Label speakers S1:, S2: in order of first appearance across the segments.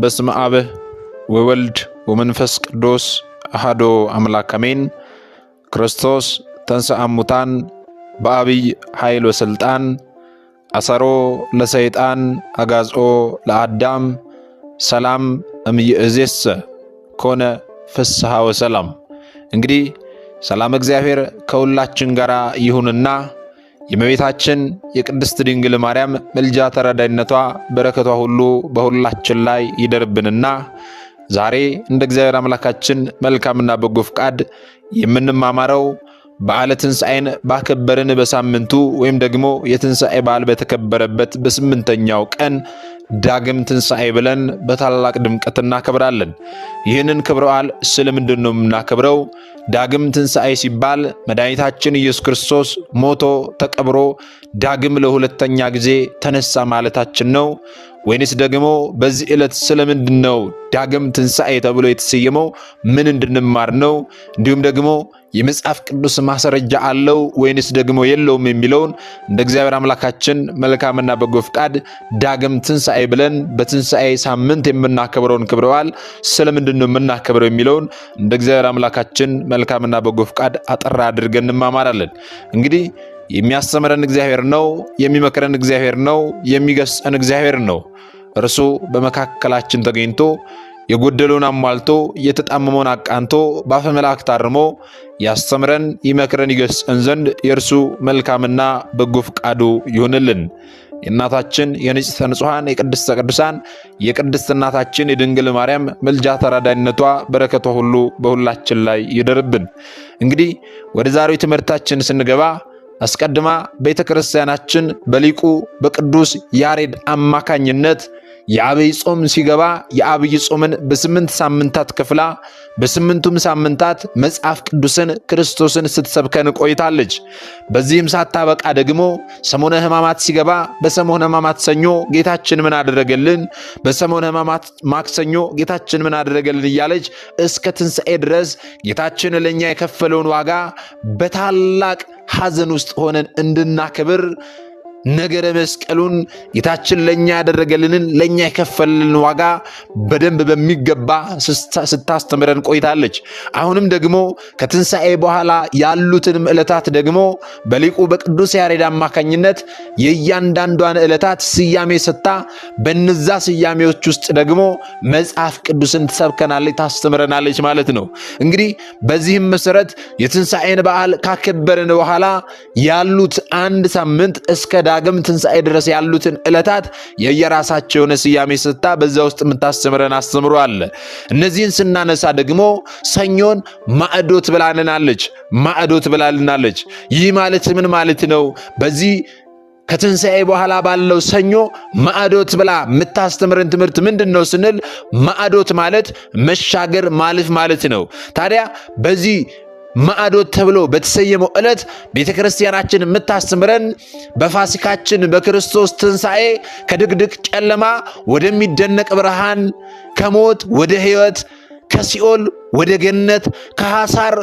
S1: በስመ አብ ወወልድ ወመንፈስ ቅዱስ አሐዱ አምላክ አሜን። ክርስቶስ ተንሥአ እሙታን በአብይ ኃይል ወሥልጣን አሰሮ ለሰይጣን አጋዝኦ ለአዳም ሰላም እምይእዜሰ ኮነ ፍስሐ ወሰላም። እንግዲህ ሰላም እግዚአብሔር ከሁላችን ጋር ይሁንና የእመቤታችን የቅድስት ድንግል ማርያም ምልጃ ተረዳይነቷ፣ በረከቷ ሁሉ በሁላችን ላይ ይደርብንና ዛሬ እንደ እግዚአብሔር አምላካችን መልካምና በጎ ፍቃድ የምንማማረው በዓለ ትንሣኤን ባከበርን በሳምንቱ ወይም ደግሞ የትንሣኤ በዓል በተከበረበት በስምንተኛው ቀን ዳግም ትንሣኤ ብለን በታላቅ ድምቀት እናከብራለን። ይህንን ክብረ በዓል ስለ ምንድን ነው የምናከብረው? ዳግም ትንሣኤ ሲባል መድኃኒታችን ኢየሱስ ክርስቶስ ሞቶ ተቀብሮ ዳግም ለሁለተኛ ጊዜ ተነሳ ማለታችን ነው። ወይንስ ደግሞ በዚህ ዕለት ስለምንድን ነው ዳግም ትንሣኤ ተብሎ የተሰየመው? ምን እንድንማር ነው? እንዲሁም ደግሞ የመጽሐፍ ቅዱስ ማስረጃ አለው ወይንስ ደግሞ የለውም የሚለውን እንደ እግዚአብሔር አምላካችን መልካምና በጎ ፍቃድ ዳግም ትንሣኤ ብለን በትንሣኤ ሳምንት የምናከብረውን ክብረ በዓል ስለምንድን ነው የምናከብረው የሚለውን እንደ እግዚአብሔር አምላካችን መልካምና በጎ ፍቃድ አጠራ አድርገን እንማማራለን እንግዲህ የሚያስተምረን እግዚአብሔር ነው። የሚመክረን እግዚአብሔር ነው። የሚገስጸን እግዚአብሔር ነው። እርሱ በመካከላችን ተገኝቶ የጎደለውን አሟልቶ የተጣመመውን አቃንቶ በአፈ መላእክት አርሞ ያስተምረን፣ ይመክረን፣ ይገስጸን ዘንድ የእርሱ መልካምና በጎ ፈቃዱ ይሆንልን። የእናታችን የንጽሕተ ንጹሐን የቅድስተ ቅዱሳን የቅድስት እናታችን የድንግል ማርያም ምልጃ ተራዳኝነቷ በረከቷ ሁሉ በሁላችን ላይ ይደርብን። እንግዲህ ወደ ዛሬው ትምህርታችን ስንገባ አስቀድማ ቤተ ክርስቲያናችን በሊቁ በቅዱስ ያሬድ አማካኝነት የአብይ ጾም ሲገባ የአብይ ጾምን በስምንት ሳምንታት ክፍላ በስምንቱም ሳምንታት መጽሐፍ ቅዱስን ክርስቶስን ስትሰብከን ቆይታለች። በዚህም ሳታበቃ ደግሞ ሰሞነ ሕማማት ሲገባ በሰሞነ ሕማማት ሰኞ ጌታችን ምን አደረገልን፣ በሰሞነ ሕማማት ማክሰኞ ጌታችን ምን አደረገልን እያለች እስከ ትንሣኤ ድረስ ጌታችን ለእኛ የከፈለውን ዋጋ በታላቅ ሐዘን ውስጥ ሆነን እንድናከብር ነገረ መስቀሉን ጌታችን ለእኛ ያደረገልንን ለእኛ የከፈልልን ዋጋ በደንብ በሚገባ ስታስተምረን ቆይታለች። አሁንም ደግሞ ከትንሣኤ በኋላ ያሉትን ዕለታት ደግሞ በሊቁ በቅዱስ ያሬድ አማካኝነት የእያንዳንዷን ዕለታት ስያሜ ስታ በነዛ ስያሜዎች ውስጥ ደግሞ መጽሐፍ ቅዱስን ትሰብከናለች፣ ታስተምረናለች ማለት ነው። እንግዲህ በዚህም መሰረት የትንሣኤን በዓል ካከበርን በኋላ ያሉት አንድ ሳምንት እስከ ዳግም ትንሣኤ ድረስ ያሉትን ዕለታት የየራሳቸው የሆነ ስያሜ ስታ በዛ ውስጥ የምታስተምረን አስተምሮ አለ። እነዚህን ስናነሳ ደግሞ ሰኞን ማዕዶት ብላልናለች። ማዕዶት ብላልናለች። ይህ ማለት ምን ማለት ነው? በዚህ ከትንሣኤ በኋላ ባለው ሰኞ ማዕዶት ብላ የምታስተምረን ትምህርት ምንድን ነው ስንል ማዕዶት ማለት መሻገር፣ ማለፍ ማለት ነው። ታዲያ በዚህ ማዕዶት ተብሎ በተሰየመው ዕለት ቤተ ክርስቲያናችን የምታስተምረን በፋሲካችን በክርስቶስ ትንሣኤ ከድቅድቅ ጨለማ ወደሚደነቅ ብርሃን ከሞት ወደ ሕይወት ከሲኦል ወደ ገነት ከሐሳር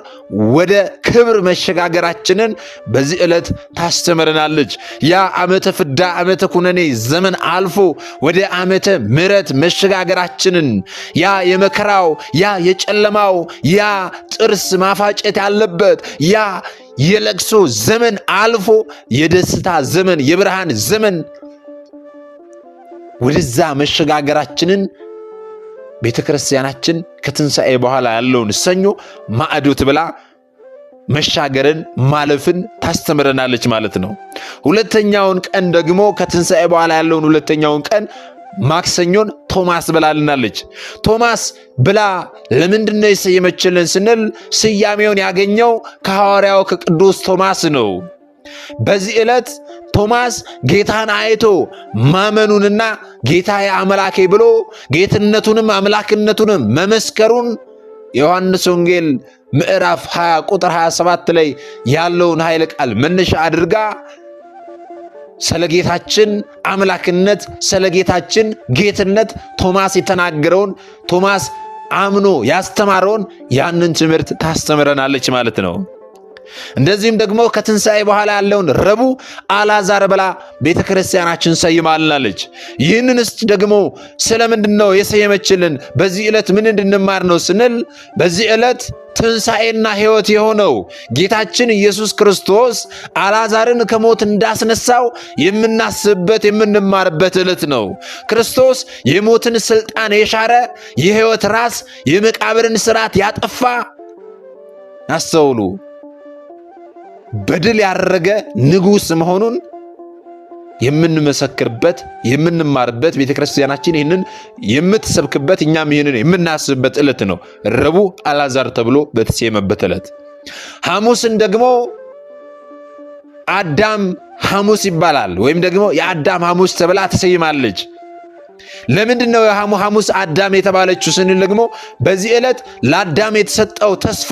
S1: ወደ ክብር መሸጋገራችንን በዚህ ዕለት ታስተምረናለች። ያ ዓመተ ፍዳ ዓመተ ኩነኔ ዘመን አልፎ ወደ ዓመተ ምሕረት መሸጋገራችንን ያ የመከራው ያ የጨለማው ያ ጥርስ ማፋጨት ያለበት ያ የለቅሶ ዘመን አልፎ የደስታ ዘመን የብርሃን ዘመን ወደዛ መሸጋገራችንን ቤተ ክርስቲያናችን ከትንሣኤ በኋላ ያለውን ሰኞ ማዕዶት ብላ መሻገርን ማለፍን ታስተምረናለች ማለት ነው። ሁለተኛውን ቀን ደግሞ ከትንሣኤ በኋላ ያለውን ሁለተኛውን ቀን ማክሰኞን ቶማስ ብላልናለች። ቶማስ ብላ ለምንድን ነው የሰየመችልን ስንል ስያሜውን ያገኘው ከሐዋርያው ከቅዱስ ቶማስ ነው። በዚህ ዕለት ቶማስ ጌታን አይቶ ማመኑንና ጌታዬ አምላኬ ብሎ ጌትነቱንም አምላክነቱንም መመስከሩን የዮሐንስ ወንጌል ምዕራፍ 20 ቁጥር 27 ላይ ያለውን ኃይለ ቃል መነሻ አድርጋ ስለ ጌታችን አምላክነት ስለ ጌታችን ጌትነት ቶማስ የተናገረውን ቶማስ አምኖ ያስተማረውን ያንን ትምህርት ታስተምረናለች ማለት ነው። እንደዚህም ደግሞ ከትንሣኤ በኋላ ያለውን ረቡዕ አላዛር ብላ ቤተ ክርስቲያናችን ሰይማልናለች። ይህንንስ ደግሞ ስለምንድን ነው የሰየመችልን? በዚህ ዕለት ምን እንድንማር ነው ስንል በዚህ ዕለት ትንሣኤና ሕይወት የሆነው ጌታችን ኢየሱስ ክርስቶስ አላዛርን ከሞት እንዳስነሳው የምናስብበት የምንማርበት ዕለት ነው። ክርስቶስ የሞትን ሥልጣን የሻረ የሕይወት ራስ፣ የመቃብርን ሥርዓት ያጠፋ አስተውሉ። በድል ያረገ ንጉሥ መሆኑን የምንመሰክርበት የምንማርበት ቤተ ክርስቲያናችን ይህንን የምትሰብክበት እኛም ይህንን የምናስብበት ዕለት ነው። ረቡዕ አላዛር ተብሎ በተሰየመበት ዕለት ሐሙስን ደግሞ አዳም ሐሙስ ይባላል ወይም ደግሞ የአዳም ሐሙስ ተብላ ተሰይማለች። ለምንድን ነው የሐሙ ሐሙስ አዳም የተባለችው ስንል ደግሞ በዚህ ዕለት ለአዳም የተሰጠው ተስፋ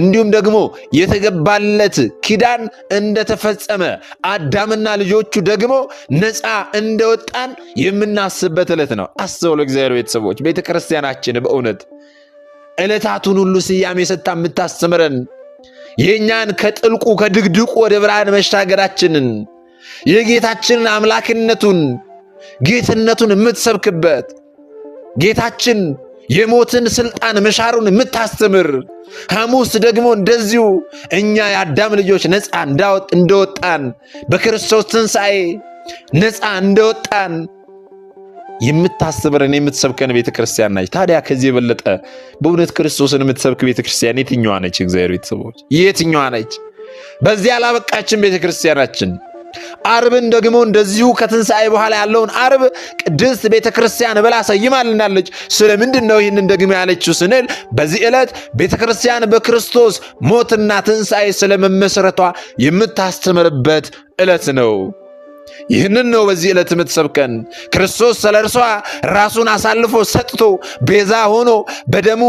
S1: እንዲሁም ደግሞ የተገባለት ኪዳን እንደተፈጸመ አዳምና ልጆቹ ደግሞ ነፃ እንደወጣን የምናስብበት ዕለት ነው። አስበው እግዚአብሔር ቤተሰቦች፣ ቤተ ክርስቲያናችን በእውነት ዕለታቱን ሁሉ ስያሜ ሰጥታ የምታስተምረን የእኛን ከጥልቁ ከድቅድቁ ወደ ብርሃን መሻገራችንን የጌታችንን አምላክነቱን ጌትነቱን የምትሰብክበት ጌታችን የሞትን ስልጣን መሻሩን የምታስተምር ሐሙስ ደግሞ እንደዚሁ እኛ የአዳም ልጆች ነፃ እንዳወጥ እንደወጣን በክርስቶስ ትንሣኤ ነፃ እንደወጣን የምታስተምረን የምትሰብከን ቤተ ክርስቲያን ናች። ታዲያ ከዚህ የበለጠ በእውነት ክርስቶስን የምትሰብክ ቤተ ክርስቲያን የትኛዋ ነች? እግዚአብሔር ቤተሰቦች የትኛዋ ነች? በዚህ አላበቃችን ቤተ ክርስቲያናችን አርብን ደግሞ እንደዚሁ ከትንሣኤ በኋላ ያለውን አርብ ቅድስት ቤተ ክርስቲያን ብላ ሰይማልናለች። ስለምንድን ነው ይህንን ደግሞ ያለችው ስንል በዚህ ዕለት ቤተ ክርስቲያን በክርስቶስ ሞትና ትንሣኤ ስለመመሰረቷ የምታስተምርበት ዕለት ነው። ይህንን ነው በዚህ ዕለት የምትሰብከን። ክርስቶስ ስለ እርሷ ራሱን አሳልፎ ሰጥቶ ቤዛ ሆኖ በደሙ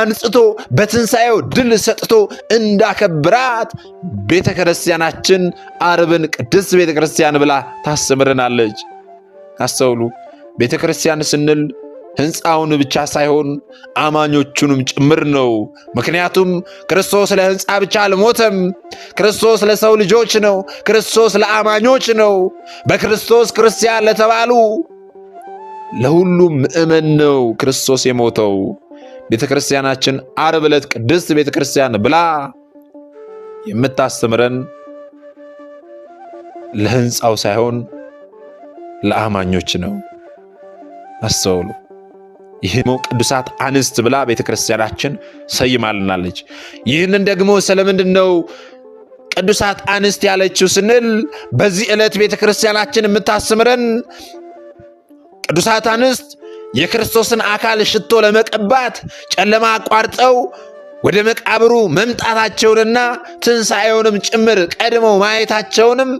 S1: አንጽቶ በትንሣኤው ድል ሰጥቶ እንዳከብራት ቤተ ክርስቲያናችን አርብን ቅድስት ቤተ ክርስቲያን ብላ ታስምርናለች። አስተውሉ። ቤተ ክርስቲያን ስንል ሕንፃውን ብቻ ሳይሆን አማኞቹንም ጭምር ነው። ምክንያቱም ክርስቶስ ለሕንፃ ብቻ አልሞተም። ክርስቶስ ለሰው ልጆች ነው። ክርስቶስ ለአማኞች ነው። በክርስቶስ ክርስቲያን ለተባሉ ለሁሉም ምእመን ነው ክርስቶስ የሞተው። ቤተ ክርስቲያናችን ዓርብ ዕለት ቅድስት ቤተ ክርስቲያን ብላ የምታስተምረን ለሕንፃው ሳይሆን ለአማኞች ነው። አስተውሉ። ይህም ቅዱሳት አንስት ብላ ቤተክርስቲያናችን ሰይማልናለች። ይህንን ደግሞ ስለምንድን ነው ቅዱሳት አንስት ያለችው ስንል በዚህ ዕለት ቤተክርስቲያናችን የምታስምረን ቅዱሳት አንስት የክርስቶስን አካል ሽቶ ለመቀባት ጨለማ አቋርጠው ወደ መቃብሩ መምጣታቸውንና ትንሣኤውንም ጭምር ቀድመው ማየታቸውንም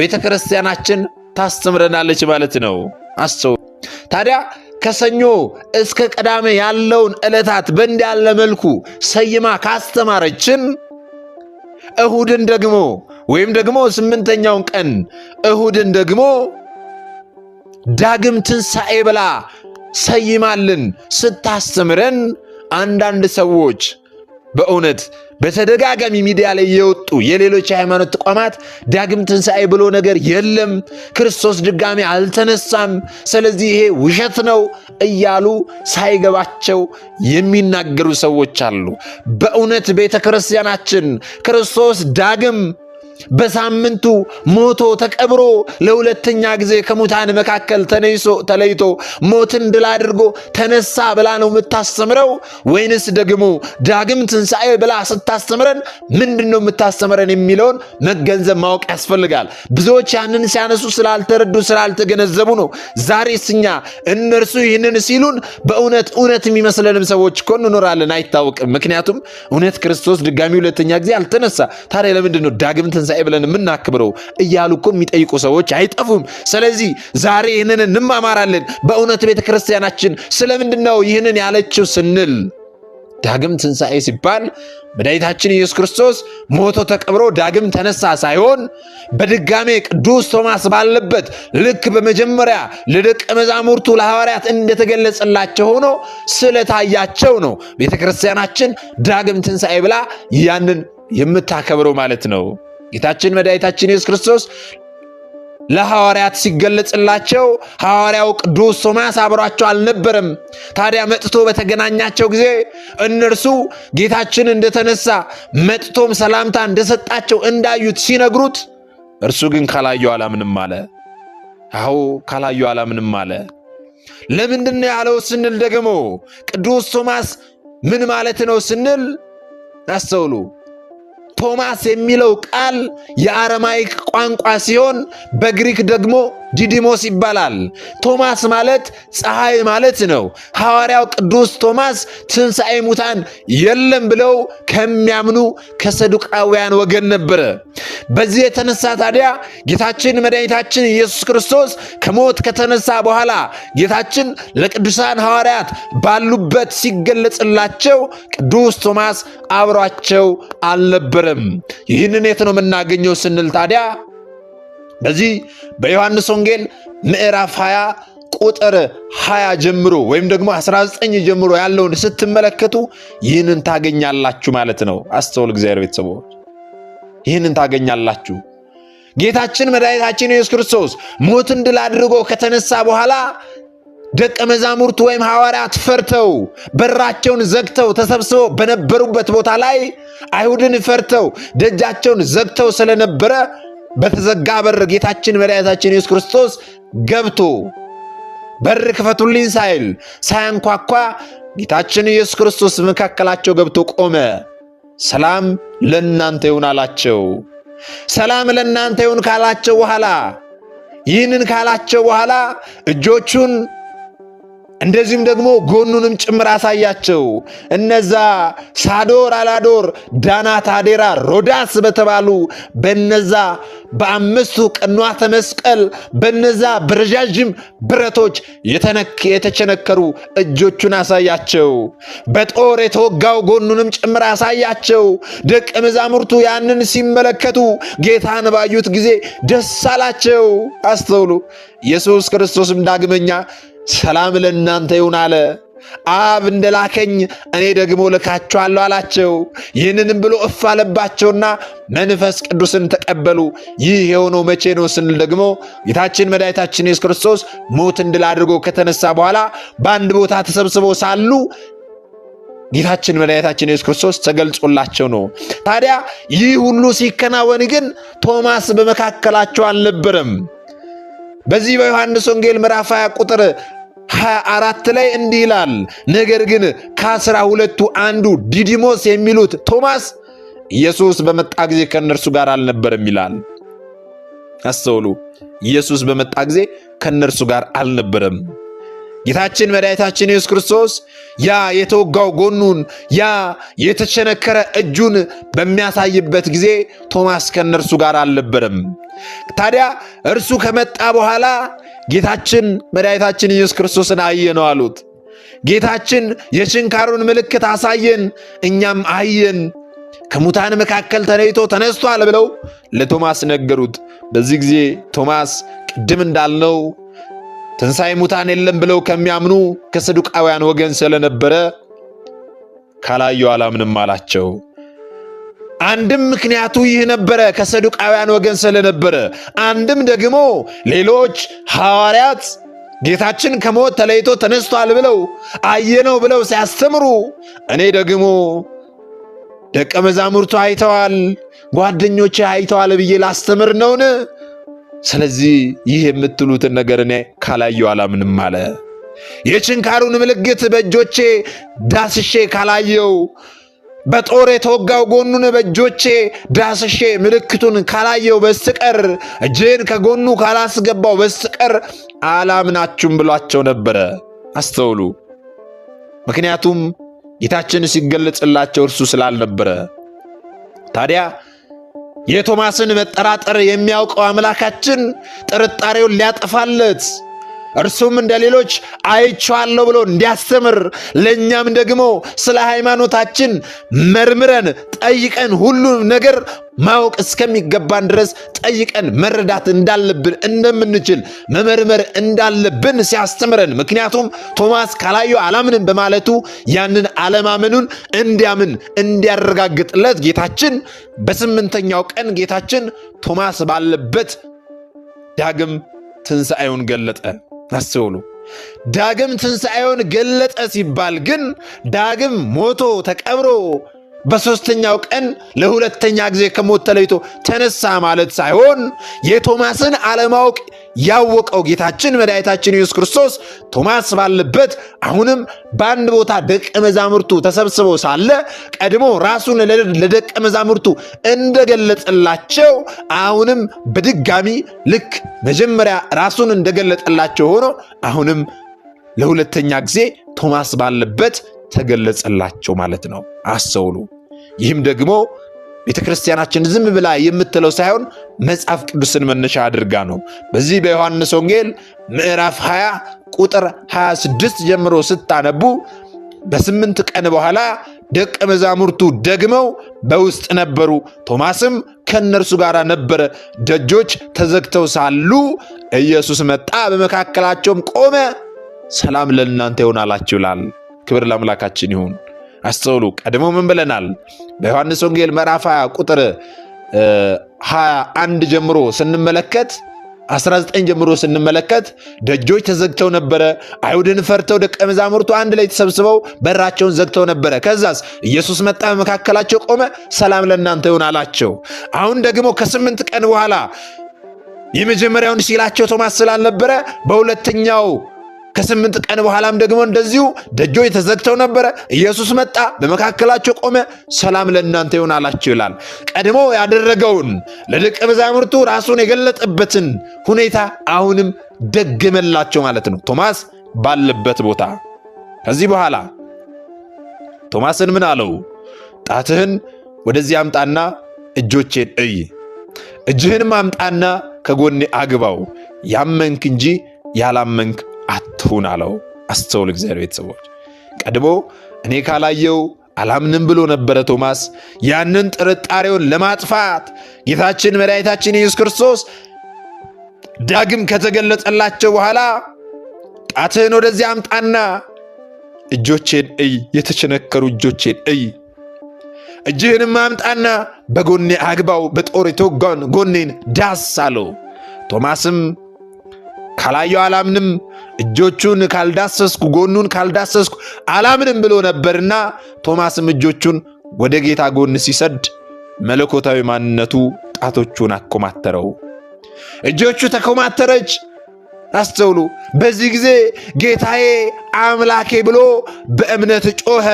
S1: ቤተክርስቲያናችን ታስተምረናለች ማለት ነው። አስተው ታዲያ ከሰኞ እስከ ቅዳሜ ያለውን ዕለታት በእንዲህ ያለ መልኩ ሰይማ ካስተማረችን እሁድን ደግሞ ወይም ደግሞ ስምንተኛውን ቀን እሁድን ደግሞ ዳግም ትንሣኤ ብላ ሰይማልን ስታስተምረን አንዳንድ ሰዎች በእውነት በተደጋጋሚ ሚዲያ ላይ የወጡ የሌሎች የሃይማኖት ተቋማት ዳግም ትንሣኤ ብሎ ነገር የለም፣ ክርስቶስ ድጋሚ አልተነሳም፣ ስለዚህ ይሄ ውሸት ነው እያሉ ሳይገባቸው የሚናገሩ ሰዎች አሉ። በእውነት ቤተ ክርስቲያናችን ክርስቶስ ዳግም በሳምንቱ ሞቶ ተቀብሮ ለሁለተኛ ጊዜ ከሙታን መካከል ተነይሶ ተለይቶ ሞትን ድል አድርጎ ተነሳ ብላ ነው የምታስተምረው? ወይንስ ደግሞ ዳግም ትንሣኤ ብላ ስታስተምረን ምንድን ነው የምታስተምረን የሚለውን መገንዘብ ማወቅ ያስፈልጋል። ብዙዎች ያንን ሲያነሱ ስላልተረዱ ስላልተገነዘቡ ነው። ዛሬ ስኛ እነርሱ ይህንን ሲሉን በእውነት እውነት የሚመስለንም ሰዎች እኮ እንኖራለን፣ አይታወቅም። ምክንያቱም እውነት ክርስቶስ ድጋሚ ሁለተኛ ጊዜ አልተነሳ። ታዲያ ለምንድን ነው ዳግም ትንሣኤ ብለን የምናክብረው እያሉ እኮ የሚጠይቁ ሰዎች አይጠፉም። ስለዚህ ዛሬ ይህንን እንማማራለን። በእውነት ቤተ ክርስቲያናችን ስለምንድን ነው ይህንን ያለችው ስንል ዳግም ትንሣኤ ሲባል መድኃኒታችን ኢየሱስ ክርስቶስ ሞቶ ተቀብሮ ዳግም ተነሳ ሳይሆን በድጋሜ ቅዱስ ቶማስ ባለበት ልክ በመጀመሪያ ለደቀ መዛሙርቱ ለሐዋርያት እንደተገለጸላቸው ሆኖ ስለታያቸው ነው ቤተ ክርስቲያናችን ዳግም ትንሣኤ ብላ ያንን የምታከብረው ማለት ነው። ጌታችን መድኃኒታችን ኢየሱስ ክርስቶስ ለሐዋርያት ሲገለጽላቸው ሐዋርያው ቅዱስ ቶማስ አብሯቸው አልነበረም። ታዲያ መጥቶ በተገናኛቸው ጊዜ እነርሱ ጌታችን እንደተነሳ መጥቶም ሰላምታ እንደሰጣቸው እንዳዩት ሲነግሩት፣ እርሱ ግን ካላዩ አላምንም አለ። አዎ ካላዩ አላምንም አለ። ለምንድን ነው ያለው ስንል ደግሞ ቅዱስ ቶማስ ምን ማለት ነው ስንል አስተውሉ። ቶማስ የሚለው ቃል የአረማይክ ቋንቋ ሲሆን በግሪክ ደግሞ ዲዲሞስ ይባላል። ቶማስ ማለት ፀሐይ ማለት ነው። ሐዋርያው ቅዱስ ቶማስ ትንሣኤ ሙታን የለም ብለው ከሚያምኑ ከሰዱቃውያን ወገን ነበረ። በዚህ የተነሳ ታዲያ ጌታችን መድኃኒታችን ኢየሱስ ክርስቶስ ከሞት ከተነሳ በኋላ ጌታችን ለቅዱሳን ሐዋርያት ባሉበት ሲገለጽላቸው ቅዱስ ቶማስ አብሯቸው አልነበረ። አይደለም። ይህንን የት ነው የምናገኘው ስንል ታዲያ በዚህ በዮሐንስ ወንጌል ምዕራፍ 20 ቁጥር 20 ጀምሮ ወይም ደግሞ 19 ጀምሮ ያለውን ስትመለከቱ ይህንን ታገኛላችሁ ማለት ነው። አስተውል እግዚአብሔር ቤተሰቦች፣ ይህንን ታገኛላችሁ። ጌታችን መድኃኒታችን ኢየሱስ ክርስቶስ ሞትን ድል አድርጎ ከተነሳ በኋላ ደቀ መዛሙርቱ ወይም ሐዋርያት ፈርተው በራቸውን ዘግተው ተሰብስበው በነበሩበት ቦታ ላይ አይሁድን ፈርተው ደጃቸውን ዘግተው ስለነበረ በተዘጋ በር ጌታችን መድኃኒታችን ኢየሱስ ክርስቶስ ገብቶ በር ክፈቱልኝ ሳይል ሳያንኳኳ ጌታችን ኢየሱስ ክርስቶስ መካከላቸው ገብቶ ቆመ። ሰላም ለእናንተ ይሁን አላቸው። ሰላም ለእናንተ ይሁን ካላቸው በኋላ ይህንን ካላቸው በኋላ እጆቹን እንደዚሁም ደግሞ ጎኑንም ጭምር አሳያቸው። እነዛ ሳዶር፣ አላዶር፣ ዳናት፣ አዴራ፣ ሮዳስ በተባሉ በነዛ በአምስቱ ቅንዋተ መስቀል በነዛ በረዣዥም ብረቶች የተቸነከሩ እጆቹን አሳያቸው። በጦር የተወጋው ጎኑንም ጭምር አሳያቸው። ደቀ መዛሙርቱ ያንን ሲመለከቱ ጌታን ባዩት ጊዜ ደስ አላቸው። አስተውሉ። ኢየሱስ ክርስቶስም ዳግመኛ ሰላም ለእናንተ ይሁን አለ። አብ እንደላከኝ እኔ ደግሞ ልካችኋለሁ አላቸው። ይህንንም ብሎ እፍ አለባቸውና መንፈስ ቅዱስን ተቀበሉ። ይህ የሆነው መቼ ነው ስንል ደግሞ ጌታችን መድኃኒታችን ኢየሱስ ክርስቶስ ሞትን ድል አድርጎ ከተነሳ በኋላ በአንድ ቦታ ተሰብስበው ሳሉ ጌታችን መድኃኒታችን ኢየሱስ ክርስቶስ ተገልጾላቸው ነው። ታዲያ ይህ ሁሉ ሲከናወን ግን ቶማስ በመካከላቸው አልነበረም። በዚህ በዮሐንስ ወንጌል ምዕራፍ 20 ቁጥር 24 ላይ እንዲህ ይላል። ነገር ግን ከአስራ ሁለቱ አንዱ ዲዲሞስ የሚሉት ቶማስ ኢየሱስ በመጣ ጊዜ ከእነርሱ ጋር አልነበረም ይላል። አስተውሉ። ኢየሱስ በመጣ ጊዜ ከእነርሱ ጋር አልነበረም። ጌታችን መድኃኒታችን ኢየሱስ ክርስቶስ ያ የተወጋው ጎኑን ያ የተቸነከረ እጁን በሚያሳይበት ጊዜ ቶማስ ከእነርሱ ጋር አልነበረም። ታዲያ እርሱ ከመጣ በኋላ ጌታችን መድኃኒታችን ኢየሱስ ክርስቶስን አየነው አሉት። ጌታችን የችንካሩን ምልክት አሳየን፣ እኛም አየን፣ ከሙታን መካከል ተለይቶ ተነስቷል ብለው ለቶማስ ነገሩት። በዚህ ጊዜ ቶማስ ቅድም እንዳልነው ትንሣኤ ሙታን የለም ብለው ከሚያምኑ ከሰዱቃውያን ወገን ስለነበረ ካላዩ አላምንም አላቸው። አንድም ምክንያቱ ይህ ነበረ፣ ከሰዱቃውያን ወገን ስለነበረ። አንድም ደግሞ ሌሎች ሐዋርያት ጌታችን ከሞት ተለይቶ ተነስቷል ብለው አየነው ብለው ሲያስተምሩ፣ እኔ ደግሞ ደቀ መዛሙርቱ አይተዋል፣ ጓደኞቼ አይተዋል ብዬ ላስተምር ነውን? ስለዚህ ይህ የምትሉትን ነገር እኔ ካላየው አላምንም አለ። የችንካሩን ምልክት በእጆቼ ዳስሼ ካላየው በጦር የተወጋው ጎኑን በእጆቼ ዳስሼ ምልክቱን ካላየው በስተቀር እጄን ከጎኑ ካላስገባው በስተቀር አላምናችሁም ብሏቸው ነበረ። አስተውሉ። ምክንያቱም ጌታችን ሲገለጽላቸው እርሱ ስላልነበረ ታዲያ የቶማስን መጠራጠር የሚያውቀው አምላካችን ጥርጣሬውን ሊያጠፋለት እርሱም እንደ ሌሎች አይቼዋለሁ ብሎ እንዲያስተምር ለእኛም ደግሞ ስለ ሃይማኖታችን መርምረን ጠይቀን ሁሉ ነገር ማወቅ እስከሚገባን ድረስ ጠይቀን መረዳት እንዳለብን እንደምንችል መመርመር እንዳለብን ሲያስተምረን፣ ምክንያቱም ቶማስ ካላዩ አላምንም በማለቱ ያንን አለማመኑን እንዲያምን እንዲያረጋግጥለት ጌታችን በስምንተኛው ቀን ጌታችን ቶማስ ባለበት ዳግም ትንሣኤውን ገለጠ። አስበሉ። ዳግም ትንሣኤውን ገለጠ ሲባል ግን ዳግም ሞቶ ተቀብሮ በሦስተኛው ቀን ለሁለተኛ ጊዜ ከሞት ተለይቶ ተነሳ ማለት ሳይሆን የቶማስን አለማወቅ ያወቀው ጌታችን መድኃኒታችን ኢየሱስ ክርስቶስ ቶማስ ባለበት አሁንም በአንድ ቦታ ደቀ መዛሙርቱ ተሰብስበው ሳለ ቀድሞ ራሱን ለደቀ መዛሙርቱ እንደገለጠላቸው አሁንም በድጋሚ ልክ መጀመሪያ ራሱን እንደገለጠላቸው ሆኖ አሁንም ለሁለተኛ ጊዜ ቶማስ ባለበት ተገለጸላቸው ማለት ነው። አስተውሉ። ይህም ደግሞ ቤተ ክርስቲያናችን ዝም ብላ የምትለው ሳይሆን መጽሐፍ ቅዱስን መነሻ አድርጋ ነው። በዚህ በዮሐንስ ወንጌል ምዕራፍ 20 ቁጥር 26 ጀምሮ ስታነቡ በስምንት ቀን በኋላ ደቀ መዛሙርቱ ደግመው በውስጥ ነበሩ፣ ቶማስም ከእነርሱ ጋር ነበረ። ደጆች ተዘግተው ሳሉ ኢየሱስ መጣ፣ በመካከላቸውም ቆመ። ሰላም ለእናንተ ይሆን አላችሁ ይላል። ክብር ለአምላካችን ይሁን። አስተውሉ። ቀድሞ ምን ብለናል? በዮሐንስ ወንጌል ምዕራፍ 20 ቁጥር 21 ጀምሮ ስንመለከት 19 ጀምሮ ስንመለከት ደጆች ተዘግተው ነበረ። አይሁድን ፈርተው ደቀ መዛሙርቱ አንድ ላይ ተሰብስበው በራቸውን ዘግተው ነበረ። ከዛስ ኢየሱስ መጣ፣ በመካከላቸው ቆመ፣ ሰላም ለእናንተ ይሁን አላቸው። አሁን ደግሞ ከስምንት ቀን በኋላ የመጀመሪያውን ሲላቸው ቶማስ ስላልነበረ በሁለተኛው ከስምንት ቀን በኋላም ደግሞ እንደዚሁ ደጆች ተዘግተው ነበረ። ኢየሱስ መጣ፣ በመካከላቸው ቆመ፣ ሰላም ለእናንተ ይሁን አላቸው ይላል። ቀድሞ ያደረገውን ለደቀ መዛሙርቱ ራሱን የገለጠበትን ሁኔታ አሁንም ደገመላቸው ማለት ነው፣ ቶማስ ባለበት ቦታ። ከዚህ በኋላ ቶማስን ምን አለው? ጣትህን ወደዚህ አምጣና እጆቼን እይ፣ እጅህንም አምጣና ከጎኔ አግባው፣ ያመንክ እንጂ ያላመንክ አትሁን አለው። አስተውል እግዚአብሔር ቤተሰቦች፣ ቀድሞ እኔ ካላየው አላምንም ብሎ ነበረ ቶማስ። ያንን ጥርጣሬውን ለማጥፋት ጌታችን መድኃኒታችን ኢየሱስ ክርስቶስ ዳግም ከተገለጸላቸው በኋላ ጣትህን ወደዚያ አምጣና እጆቼን እይ፣ የተቸነከሩ እጆቼን እይ፣ እጅህንም አምጣና በጎኔ አግባው፣ በጦር የተወጋውን ጎኔን ዳስ አለው። ቶማስም ካላየው አላምንም እጆቹን ካልዳሰስኩ ጎኑን ካልዳሰስኩ አላምንም ብሎ ነበርና ቶማስም እጆቹን ወደ ጌታ ጎን ሲሰድ መለኮታዊ ማንነቱ ጣቶቹን አኮማተረው፣ እጆቹ ተኮማተረች። አስተውሉ። በዚህ ጊዜ ጌታዬ አምላኬ ብሎ በእምነት ጮኸ።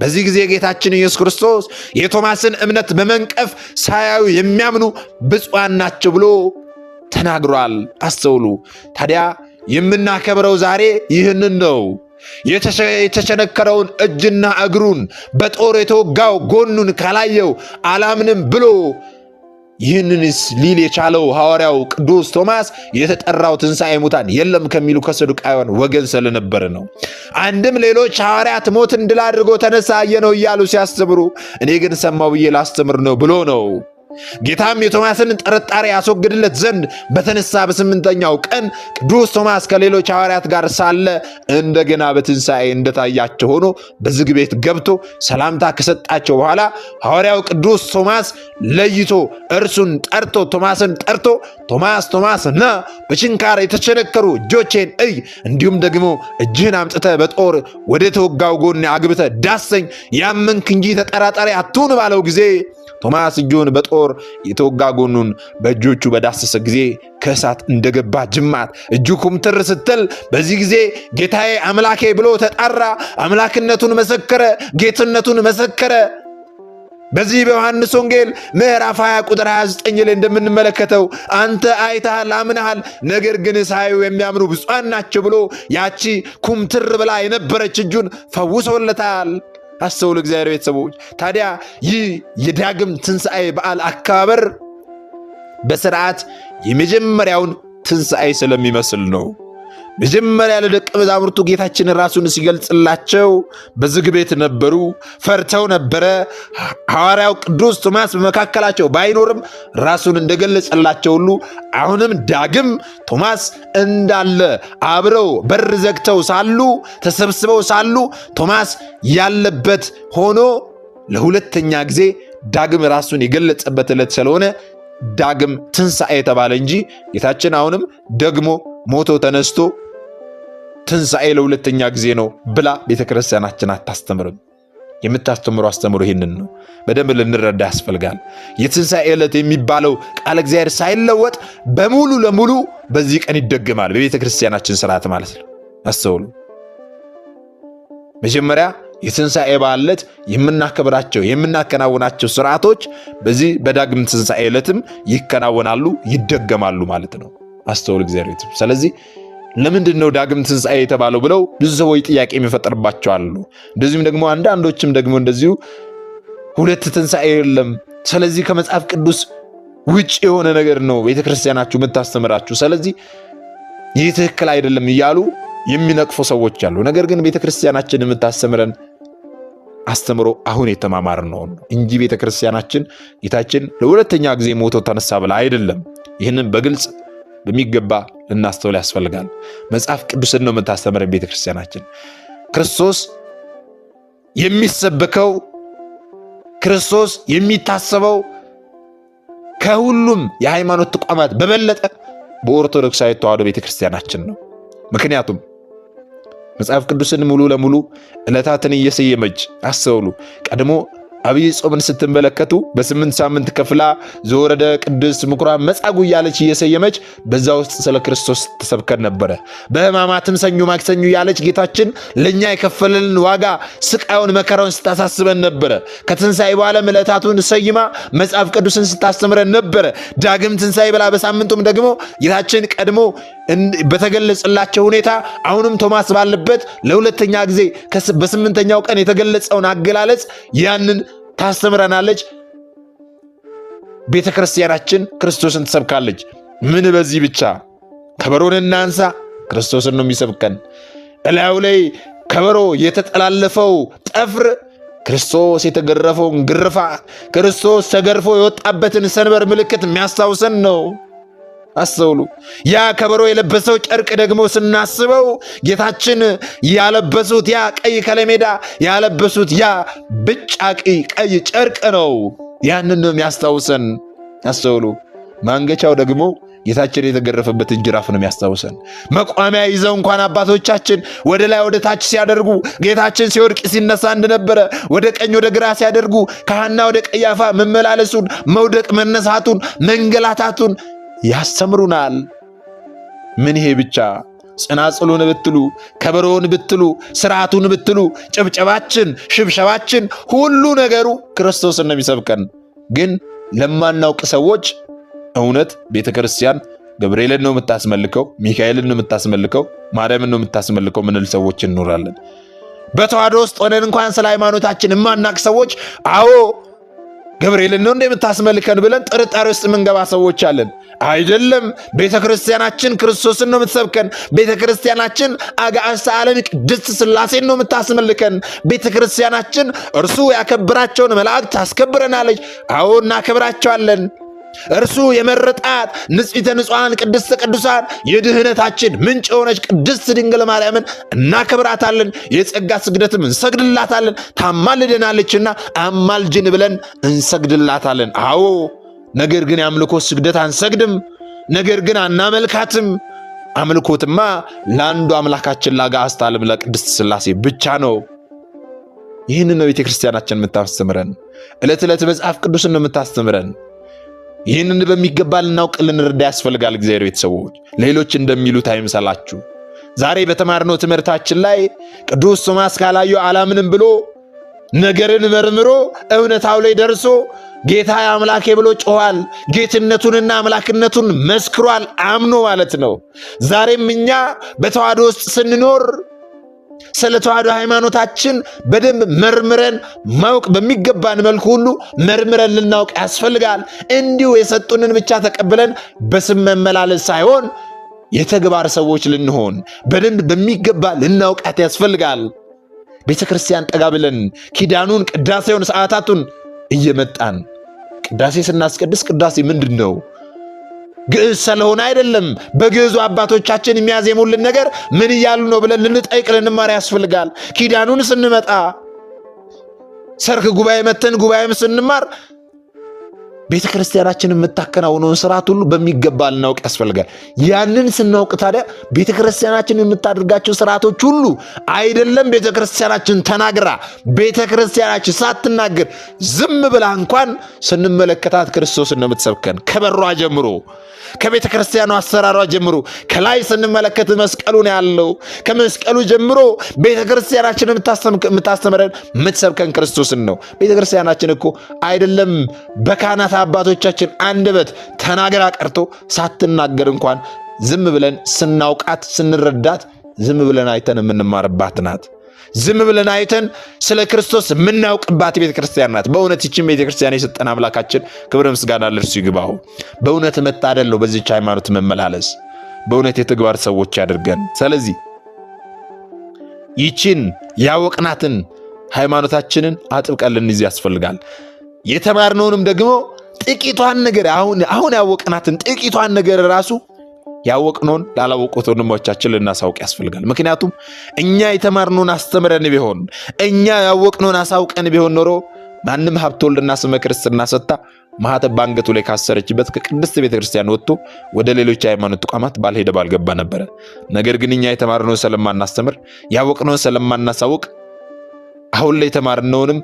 S1: በዚህ ጊዜ ጌታችን ኢየሱስ ክርስቶስ የቶማስን እምነት በመንቀፍ ሳያዩ የሚያምኑ ብፁዓን ናቸው ብሎ ተናግሯል። አስተውሉ ታዲያ የምናከብረው ዛሬ ይህንን ነው። የተቸነከረውን እጅና እግሩን በጦር የተወጋው ጎኑን ካላየው አላምንም ብሎ ይህንንስ ሊል የቻለው ሐዋርያው ቅዱስ ቶማስ የተጠራው ትንሣኤ ሙታን የለም ከሚሉ ከሰዱቃውያን ወገን ስለነበር ነው። አንድም ሌሎች ሐዋርያት ሞትን ድል አድርጎ ተነሳ አየነው እያሉ ሲያስተምሩ፣ እኔ ግን ሰማው ብዬ ላስተምር ነው ብሎ ነው። ጌታም የቶማስን ጥርጣሬ ያስወግድለት ዘንድ በተነሳ በስምንተኛው ቀን ቅዱስ ቶማስ ከሌሎች ሐዋርያት ጋር ሳለ እንደገና በትንሣኤ እንደታያቸው ሆኖ በዝግ ቤት ገብቶ ሰላምታ ከሰጣቸው በኋላ ሐዋርያው ቅዱስ ቶማስ ለይቶ እርሱን ጠርቶ ቶማስን ጠርቶ ቶማስ ቶማስ ና በችንካር የተቸነከሩ እጆቼን እይ፣ እንዲሁም ደግሞ እጅህን አምጥተ በጦር ወደ ተወጋው ጎን አግብተ ዳሰኝ፣ ያመንክ እንጂ ተጠራጣሪ አትሁን ባለው ጊዜ ቶማስ እጁን በጦር ጦር የተወጋ ጎኑን በእጆቹ በዳሰሰ ጊዜ ከእሳት እንደገባ ጅማት እጁ ኩምትር ስትል፣ በዚህ ጊዜ ጌታዬ አምላኬ ብሎ ተጣራ። አምላክነቱን መሰከረ፣ ጌትነቱን መሰከረ። በዚህ በዮሐንስ ወንጌል ምዕራፍ 20 ቁጥር 29 ላይ እንደምንመለከተው አንተ አይተሃል አምነሃል፣ ነገር ግን ሳዩ የሚያምኑ ብፁዓን ናቸው ብሎ ያቺ ኩምትር ብላ የነበረች እጁን ፈውሶለታል። አስተውሉ እግዚአብሔር ቤተሰቦች። ታዲያ ይህ የዳግም ትንሣኤ በዓል አከባበር በስርዓት የመጀመሪያውን ትንሣኤ ስለሚመስል ነው። መጀመሪያ ለደቀ መዛሙርቱ ጌታችን ራሱን ሲገልጽላቸው በዝግ ቤት ነበሩ፣ ፈርተው ነበረ። ሐዋርያው ቅዱስ ቶማስ በመካከላቸው ባይኖርም ራሱን እንደገለጸላቸው ሁሉ አሁንም ዳግም ቶማስ እንዳለ አብረው በር ዘግተው ሳሉ ተሰብስበው ሳሉ ቶማስ ያለበት ሆኖ ለሁለተኛ ጊዜ ዳግም ራሱን የገለጸበት ዕለት ስለሆነ ዳግም ትንሣኤ የተባለ እንጂ ጌታችን አሁንም ደግሞ ሞቶ ተነስቶ ትንሣኤ ለሁለተኛ ጊዜ ነው ብላ ቤተ ክርስቲያናችን አታስተምርም። የምታስተምሩ አስተምሩ ይህንን ነው። በደንብ ልንረዳ ያስፈልጋል። የትንሣኤ ዕለት የሚባለው ቃል እግዚአብሔር ሳይለወጥ በሙሉ ለሙሉ በዚህ ቀን ይደገማል። በቤተ ክርስቲያናችን ስርዓት ማለት ነው። አስተውሉ። መጀመሪያ የትንሣኤ በዓል ዕለት የምናከብራቸው የምናከናውናቸው ስርዓቶች በዚህ በዳግም ትንሣኤ ዕለትም ይከናወናሉ፣ ይደገማሉ ማለት ነው። አስተውል እግዚአብሔር። ስለዚህ ለምንድን ነው ዳግም ትንሣኤ የተባለው ብለው ብዙ ሰዎች ጥያቄ የሚፈጠርባቸዋሉ። እንደዚሁም ደግሞ አንዳንዶችም ደግሞ እንደዚሁ ሁለት ትንሣኤ የለም፣ ስለዚህ ከመጽሐፍ ቅዱስ ውጭ የሆነ ነገር ነው ቤተክርስቲያናችሁ የምታስተምራችሁ፣ ስለዚህ ይህ ትክክል አይደለም እያሉ የሚነቅፉ ሰዎች አሉ። ነገር ግን ቤተክርስቲያናችን የምታስተምረን አስተምሮ አሁን የተማማር ነው እንጂ ቤተክርስቲያናችን ጌታችን ለሁለተኛ ጊዜ ሞቶ ተነሳ ብላ አይደለም። ይህንን በግልጽ በሚገባ ልናስተውል ያስፈልጋል። መጽሐፍ ቅዱስን ነው የምታስተምረን ቤተ ክርስቲያናችን። ክርስቶስ የሚሰበከው ክርስቶስ የሚታሰበው ከሁሉም የሃይማኖት ተቋማት በበለጠ በኦርቶዶክሳዊ ተዋዶ ቤተ ክርስቲያናችን ነው። ምክንያቱም መጽሐፍ ቅዱስን ሙሉ ለሙሉ ዕለታትን እየሰየመች አስተውሉ። ቀድሞ አብይ ጾምን ስትመለከቱ በስምንት ሳምንት ከፍላ ዘወረደ ቅድስት ምኩራብ መጻጉ እያለች እየሰየመች በዛ ውስጥ ስለ ክርስቶስ ተሰብከን ነበረ። በሕማማትም ሰኞ፣ ማክሰኞ እያለች ጌታችን ለእኛ የከፈለልን ዋጋ ስቃዩን፣ መከራውን ስታሳስበን ነበረ። ከትንሣኤ በኋላ ዕለታቱን ሰይማ መጽሐፍ ቅዱስን ስታስተምረን ነበረ። ዳግም ትንሣኤ ብላ በሳምንቱም ደግሞ ጌታችን ቀድሞ በተገለጸላቸው ሁኔታ አሁንም ቶማስ ባለበት ለሁለተኛ ጊዜ በስምንተኛው ቀን የተገለጸውን አገላለጽ ያንን ታስተምረናለች። ቤተ ክርስቲያናችን ክርስቶስን ትሰብካለች። ምን በዚህ ብቻ ከበሮን እናንሳ፣ ክርስቶስን ነው የሚሰብከን። እላዩ ላይ ከበሮ የተጠላለፈው ጠፍር ክርስቶስ የተገረፈውን ግርፋት፣ ክርስቶስ ተገርፎ የወጣበትን ሰንበር ምልክት የሚያስታውሰን ነው። አስተውሉ። ያ ከበሮ የለበሰው ጨርቅ ደግሞ ስናስበው ጌታችን ያለበሱት ያ ቀይ ከለሜዳ ያለበሱት ያ ብጫቂ ቀይ ጨርቅ ነው። ያንን ነው የሚያስታውሰን። አስተውሉ። ማንገቻው ደግሞ ጌታችን የተገረፈበትን ጅራፍ ነው የሚያስታውሰን። መቋሚያ ይዘው እንኳን አባቶቻችን ወደ ላይ ወደ ታች ሲያደርጉ ጌታችን ሲወድቅ ሲነሳ እንደነበረ ወደ ቀኝ ወደ ግራ ሲያደርጉ ካህና ወደ ቀያፋ መመላለሱን፣ መውደቅ መነሳቱን፣ መንገላታቱን ያስተምሩናል። ምን ይሄ ብቻ? ጽናጽሉን ብትሉ፣ ከበሮውን ብትሉ፣ ስርዓቱን ብትሉ፣ ጭብጨባችን፣ ሽብሸባችን፣ ሁሉ ነገሩ ክርስቶስን ነው የሚሰብከን። ግን ለማናውቅ ሰዎች እውነት ቤተ ክርስቲያን ገብርኤልን ነው የምታስመልከው፣ ሚካኤልን ነው የምታስመልከው፣ ማርያምን ነው የምታስመልከው ምንል ሰዎች እንኖራለን። በተዋህዶ ውስጥ ሆነን እንኳን ስለ ሃይማኖታችን የማናቅ ሰዎች አዎ ገብርኤልን ነው እንደ የምታስመልከን ብለን ጥርጣሬ ውስጥ የምንገባ ሰዎች አለን። አይደለም። ቤተ ክርስቲያናችን ክርስቶስን ነው የምትሰብከን። ቤተ ክርስቲያናችን አጋዕዝተ ዓለም ቅድስት ስላሴን ነው የምታስመልከን። ቤተ ክርስቲያናችን እርሱ ያከብራቸውን መላእክት ታስከብረናለች። አዎ እናከብራቸዋለን። እርሱ የመረጣት ንጽሕተ ንጹሐን ቅድስተ ቅዱሳን የድህነታችን ምንጭ የሆነች ቅድስት ድንግል ማርያምን እናከብራታለን። የጸጋ ስግደትም እንሰግድላታለን። ታማልደናለችና አማልጅን ብለን እንሰግድላታለን። አዎ ነገር ግን የአምልኮ ስግደት አንሰግድም፣ ነገር ግን አናመልካትም። አምልኮትማ ለአንዱ አምላካችን ለአጋዕዝተ ዓለም ለቅድስት ሥላሴ ብቻ ነው። ይህን ነው ቤተ ክርስቲያናችን የምታስተምረን። ዕለት ዕለት መጽሐፍ ቅዱስን ነው የምታስተምረን። ይህንን በሚገባ ልናውቅ ልንረዳ ያስፈልጋል። እግዚአብሔር ቤተሰቦች ሌሎች እንደሚሉት አይምሰላችሁ። ዛሬ በተማርነው ትምህርታችን ላይ ቅዱስ ቶማስ ካላዩ አላምንም ብሎ ነገርን መርምሮ እውነታው ላይ ደርሶ ጌታ አምላኬ ብሎ ጮኋል። ጌትነቱንና አምላክነቱን መስክሯል፣ አምኖ ማለት ነው። ዛሬም እኛ በተዋህዶ ውስጥ ስንኖር ስለ ተዋህዶ ሃይማኖታችን በደንብ መርምረን ማወቅ በሚገባን መልኩ ሁሉ መርምረን ልናውቅ ያስፈልጋል። እንዲሁ የሰጡንን ብቻ ተቀብለን በስም መመላለስ ሳይሆን የተግባር ሰዎች ልንሆን በደንብ በሚገባ ልናውቃት ያስፈልጋል። ቤተ ክርስቲያን ጠጋ ብለን ኪዳኑን፣ ቅዳሴውን፣ ሰዓታቱን እየመጣን ቅዳሴ ስናስቀድስ ቅዳሴ ምንድን ነው? ግዕዝ ስለሆነ አይደለም። በግዕዙ አባቶቻችን የሚያዜሙልን ነገር ምን እያሉ ነው ብለን ልንጠይቅ ልንማር ያስፈልጋል። ኪዳኑን ስንመጣ ሰርክ ጉባኤ መተን ጉባኤም ስንማር ቤተ ክርስቲያናችን የምታከናውነውን ስርዓት ሁሉ በሚገባ ልናውቅ ያስፈልጋል። ያንን ስናውቅ ታዲያ ቤተ ክርስቲያናችን የምታደርጋቸው ስርዓቶች ሁሉ አይደለም ቤተ ክርስቲያናችን ተናግራ ቤተ ክርስቲያናችን ሳትናገር ዝም ብላ እንኳን ስንመለከታት ክርስቶስን እንደምትሰብከን የምትሰብከን። ከበሯ ጀምሮ ከቤተ ክርስቲያኑ አሰራሯ ጀምሮ ከላይ ስንመለከት መስቀሉ ነው ያለው። ከመስቀሉ ጀምሮ ቤተ ክርስቲያናችን የምታስተምረን የምትሰብከን ክርስቶስን ነው። ቤተ ክርስቲያናችን እኮ አይደለም በካህናት አባቶቻችን አንደበት ተናግራ ቀርቶ ሳትናገር እንኳን ዝም ብለን ስናውቃት ስንረዳት ዝም ብለን አይተን የምንማርባት ናት። ዝም ብለን አይተን ስለ ክርስቶስ የምናውቅባት ቤተ ክርስቲያን ናት። በእውነት ይችን ቤተ ክርስቲያን የሰጠን አምላካችን ክብረ ምስጋና ለእርሱ ይግባው። በእውነት መታደለው በዚች ሃይማኖት መመላለስ። በእውነት የተግባር ሰዎች ያደርገን። ስለዚህ ይችን ያወቅናትን ሃይማኖታችንን አጥብቀን ልንይዝ ያስፈልጋል። የተማርነውንም ደግሞ ጥቂቷን ነገር አሁን አሁን ያወቅናትን ጥቂቷን ነገር ራሱ ያወቅነውን ላላወቁት ወንድሞቻችን ልናሳውቅ ያስፈልጋል። ምክንያቱም እኛ የተማርነውን አስተምረን ቢሆን እኛ ያወቅነውን አሳውቀን ቢሆን ኖሮ ማንም ሀብተ ወልድና ስመ ክርስትና ሰጥታ ማኅተብ በአንገቱ ላይ ካሰረችበት ከቅድስት ቤተ ክርስቲያን ወጥቶ ወደ ሌሎች የሃይማኖት ተቋማት ባልሄደ ባልገባ ነበረ። ነገር ግን እኛ የተማርነውን ስለማናስተምር ያወቅነውን ስለማናሳውቅ አሁን ላይ የተማርነውንም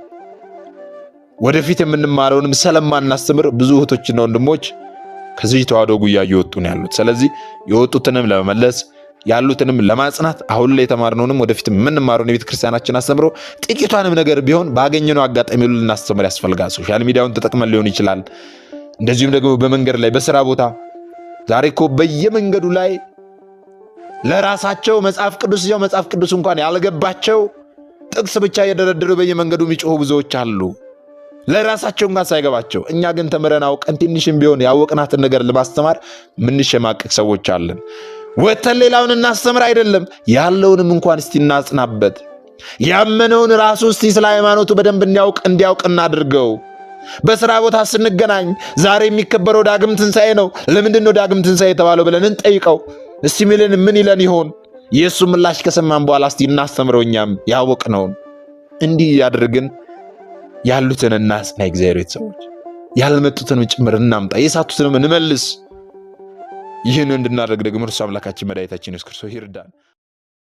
S1: ወደፊት የምንማረውንም ስለማናስተምር ብዙ እህቶችና ወንድሞች ከዚህ ተዋህዶ ጉያ እየወጡ ነው ያሉት። ስለዚህ የወጡትንም ለመመለስ ያሉትንም ለማጽናት አሁን ላይ የተማርነውንም ወደፊት የምንማረውን የቤተ ክርስቲያናችን አስተምሮ ጥቂቷንም ነገር ቢሆን ባገኘነው አጋጣሚ ሁሉ ልናስተምር ያስፈልጋል። ሶሻል ሚዲያውን ተጠቅመን ሊሆን ይችላል። እንደዚሁም ደግሞ በመንገድ ላይ በስራ ቦታ ዛሬ እኮ በየመንገዱ ላይ ለራሳቸው መጽሐፍ ቅዱስ ያው መጽሐፍ ቅዱስ እንኳን ያልገባቸው ጥቅስ ብቻ እየደረደሩ በየመንገዱ የሚጮሁ ብዙዎች አሉ። ለራሳቸው እንኳን ሳይገባቸው እኛ ግን ተምረን አውቀን ትንሽም ቢሆን ያወቅናትን ነገር ለማስተማር ምንሸማቀቅ ሰዎች አለን። ወተን ሌላውን እናስተምር አይደለም ያለውንም እንኳን እስቲ እናጽናበት። ያመነውን ራሱ እስቲ ስለ ሃይማኖቱ በደንብ እንዲያውቅ እንዲያውቅ እናድርገው። በስራ ቦታ ስንገናኝ ዛሬ የሚከበረው ዳግም ትንሣኤ ነው፣ ለምንድን ነው ዳግም ትንሣኤ የተባለው ብለን እንጠይቀው። እስቲ ሚልን ምን ይለን ይሆን? የእሱ ምላሽ ከሰማን በኋላ እስቲ እናስተምረው እኛም ያወቅነውን። እንዲህ ያድርግን። ያሉትን እናጽና። እግዚአብሔር ቤተሰቦች ያልመጡትንም ጭምር እናምጣ፣ የሳቱትንም እንመልስ። ይህን እንድናደርግ ደግሞ እርሱ አምላካችን መድኃኒታችን ኢየሱስ ክርስቶስ ይርዳን።